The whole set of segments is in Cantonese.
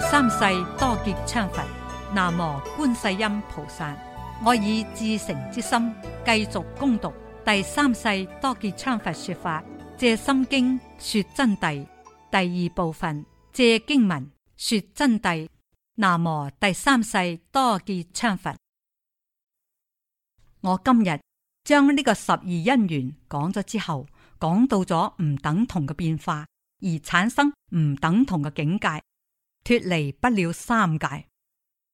第三世多杰羌佛，南無觀世音菩薩。我以至誠之心繼續攻讀第三世多杰羌佛說法，借心經說真諦第二部分，借經文說真諦。南無第三世多杰羌佛。我今日將呢個十二因緣講咗之後，講到咗唔等同嘅變化而產生唔等同嘅境界。脫離不了三界，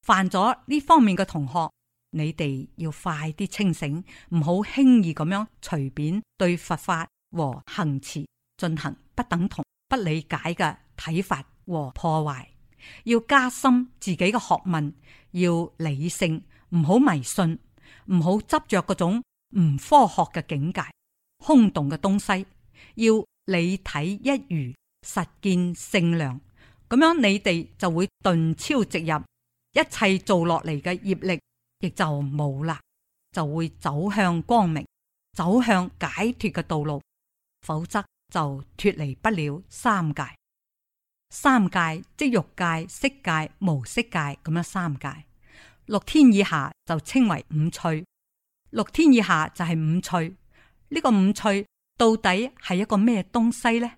犯咗呢方面嘅同學，你哋要快啲清醒，唔好輕易咁樣隨便對佛法和行持進行不等同、不理解嘅睇法和破壞。要加深自己嘅學問，要理性，唔好迷信，唔好執着嗰種唔科學嘅境界、空洞嘅東西。要理體一如，實踐聖量。咁樣你哋就會頓超直入，一切做落嚟嘅業力亦就冇啦，就會走向光明，走向解脱嘅道路。否則就脱離不了三界，三界即欲界、色界、無色界咁樣三界。六天以下就稱為五趣，六天以下就係五趣。呢、這個五趣到底係一個咩東西呢？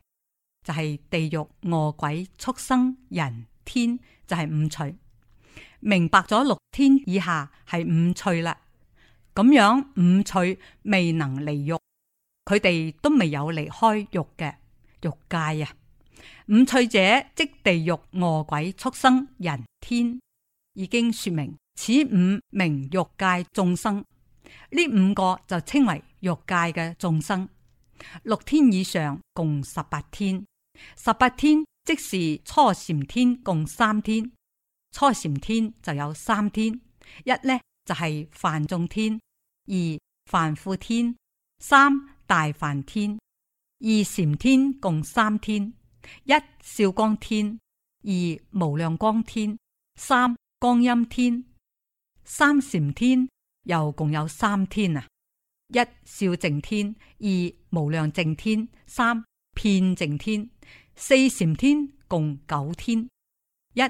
就係地獄、餓鬼、畜生、人、天，就係、是、五趣。明白咗六天以下係五趣啦，咁樣五趣未能離欲，佢哋都未有離開欲嘅欲界啊。五趣者即地獄、餓鬼、畜生、人、天，已經說明此五名欲界眾生。呢五個就稱為欲界嘅眾生。六天以上共十八天。十八天即是初禪天，共三天。初禪天就有三天，一呢就係梵眾天，二梵輔天，三大梵天。二禪天共三天，一少光天，二無量光天，三光音天。三禪天又共有三天啊，一少淨天，二無量淨天，三。遍淨天。四禪天共九天：一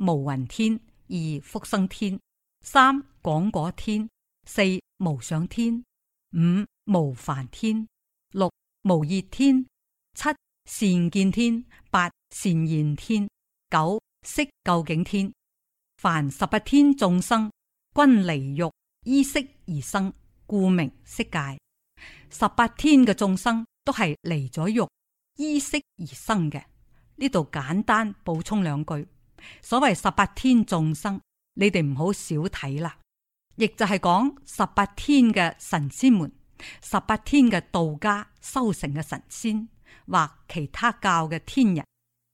無雲天，二福生天，三廣果天，四無想天，五無煩天，六無熱天，七善見天，八善現天，九色究竟天。凡十八天眾生，均離欲依色而生，故名色界。十八天嘅眾生都係離咗欲。依色而生嘅。呢度簡單補充兩句，所謂十八天眾生，你哋唔好少睇啦，亦就係講十八天嘅神仙們，十八天嘅道家修成嘅神仙或其他教嘅天人，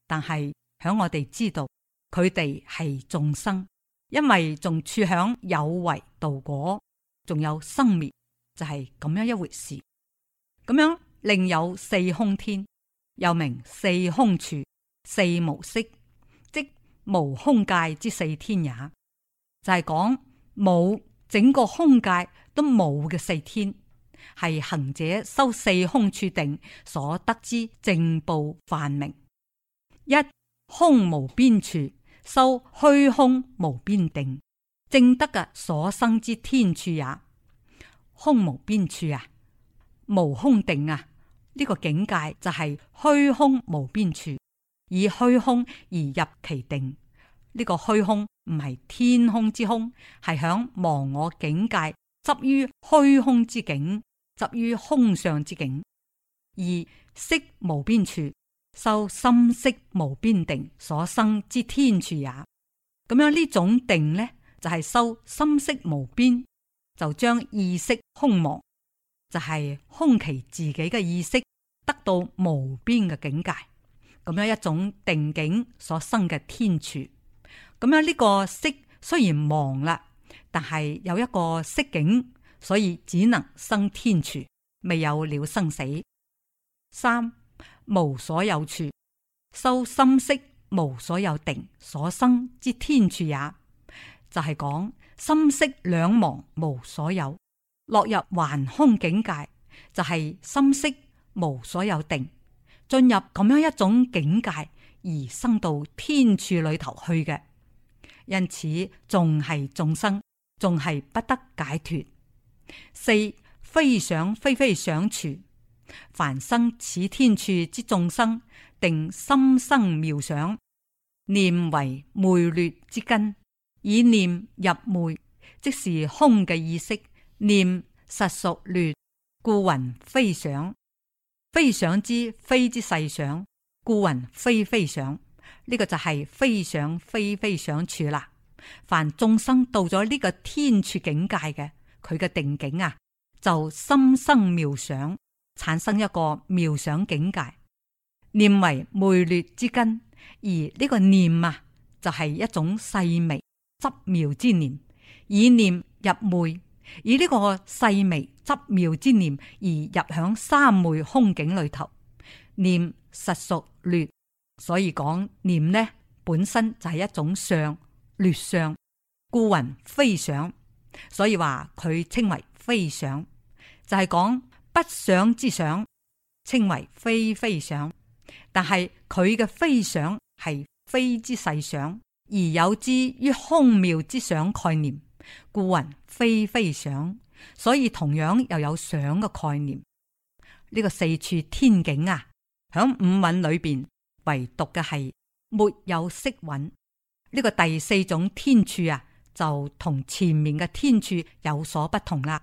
但係響我哋知道佢哋係眾生，因為仲處響有為道果，仲有生滅，就係咁樣一回事。咁樣另有四空天。又名四空處、四無色，即無空界之四天也，就係講冇整個空界都冇嘅四天，係行者修四空處定所得之正報泛名。一空無邊處，修虛空無邊定，正得嘅所生之天處也。空無邊處啊，無空定啊。呢個境界就係虛空無邊處，以虛空而入其定。呢、這個虛空唔係天空之空，係響忘我境界執於虛空之境，執於空上之境，而識無邊處，修心識無邊定所生之天處也。咁樣呢種定呢，就係修心識無邊，就將意識空亡，就係、是、空其自己嘅意識。得到無邊嘅境界，咁樣一種定境所生嘅天處，咁樣呢個色雖然亡啦，但係有一個色境，所以只能生天處，未有了生死。三無所有處，修心識無所有定所生之天處也，就係講心識兩亡無所有，落入頑空境界，就係心識。無所有定進入咁樣一種境界而生到天處裏頭去嘅，因此仲係眾生，仲係不得解脫。四非想非非想處，凡生此天處之眾生，定心生妙想，念為昧劣之根，以念入昧，即是空嘅意識。念實屬劣，故云非想。非想之非之細想，故云非非想，呢、這個就係非想非非想處啦。凡眾生到咗呢個天處境界嘅，佢嘅定境啊，就心生妙想，產生一個妙想境界。念為昧劣之根，而呢個念啊，就係、是、一種細微執妙之念，以念入昧，以呢個細微。濕妙之念而入響三昧空境裏頭，念實屬劣，所以講念呢本身就係一種相劣相，故云非想，所以話佢稱為非想，就係、是、講不想之想稱為非非想，但係佢嘅非想係非之細想，而有之於空妙之想概念，故云非非想。所以同樣又有想嘅概念，呢、這個四處天境啊，響五蘊裏邊唯獨嘅係沒有色蘊，呢、這個第四種天處啊，就同前面嘅天處有所不同啦、啊。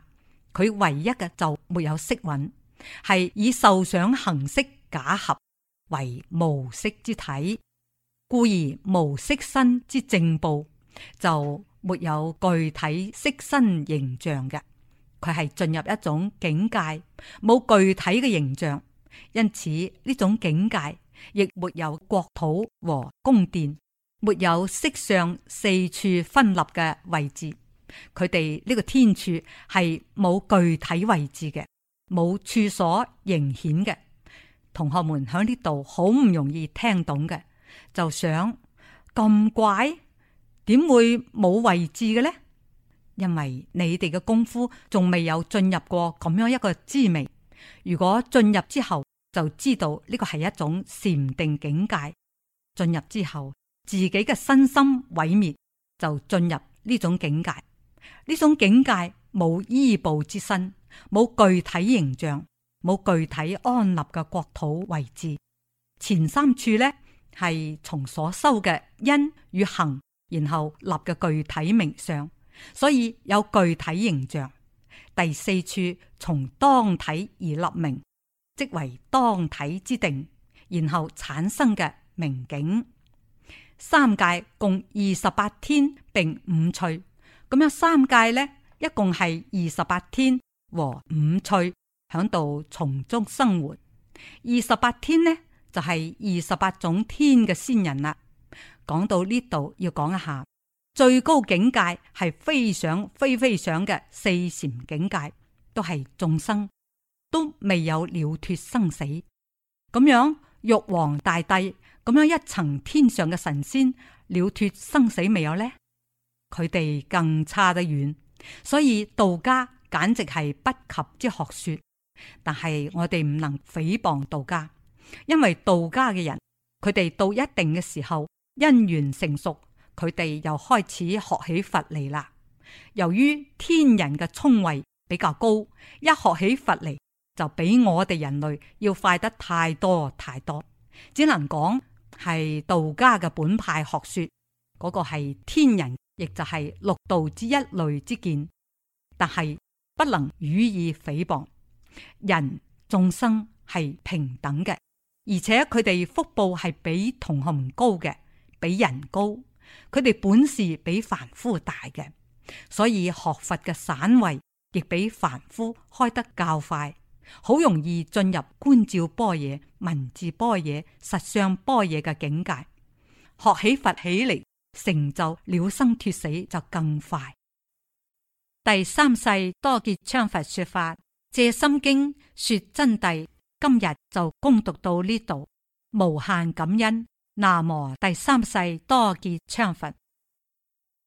佢唯一嘅就沒有色蘊，係以受想行識假合為無色之體，故而無色身之正報，就沒有具體色身形象嘅。佢係進入一種境界，冇具體嘅形象，因此呢種境界亦沒有國土和宮殿，沒有色相四處分立嘅位置。佢哋呢個天處係冇具體位置嘅，冇處所形顯嘅。同學們喺呢度好唔容易聽懂嘅，就想咁怪，點會冇位置嘅呢？因為你哋嘅功夫仲未有進入過咁樣一個滋味，如果進入之後就知道呢個係一種禪定境界。進入之後，自己嘅身心毀滅就進入呢種境界。呢種境界冇依報之身，冇具體形象，冇具體安立嘅國土位置。前三處呢係從所修嘅因與行，然後立嘅具體名相。所以有具體形象。第四處從當體而立名，即為當體之定，然後產生嘅明景。三界共二十八天並五趣，咁樣三界呢，一共係二十八天和五趣響度從中生活。二十八天呢，就係二十八種天嘅仙人啦。講到呢度要講一下。最高境界係飛上飛飛上嘅四禪境界，都係眾生都未有了脫生死。咁樣玉皇大帝咁樣一層天上嘅神仙，了脫生死未有呢？佢哋更差得遠，所以道家簡直係不及之學說。但係我哋唔能誹謗道家，因為道家嘅人，佢哋到一定嘅時候，因緣成熟。佢哋又開始學起佛嚟啦。由於天人嘅聰慧比較高，一學起佛嚟就比我哋人類要快得太多太多，只能講係道家嘅本派學說，嗰個係天人，亦就係六道之一類之見，但係不能予以誹謗。人眾生係平等嘅，而且佢哋福報係比同學們高嘅，比人高。佢哋本事比凡夫大嘅，所以學佛嘅散位亦比凡夫開得較快，好容易進入觀照般若、文字般若、實相般若嘅境界，學起佛起嚟，成就了生脫死就更快。第三世多杰羌佛說法《藉心經》說真諦，今日就攻讀到呢度，無限感恩。南無第三世多杰羌佛。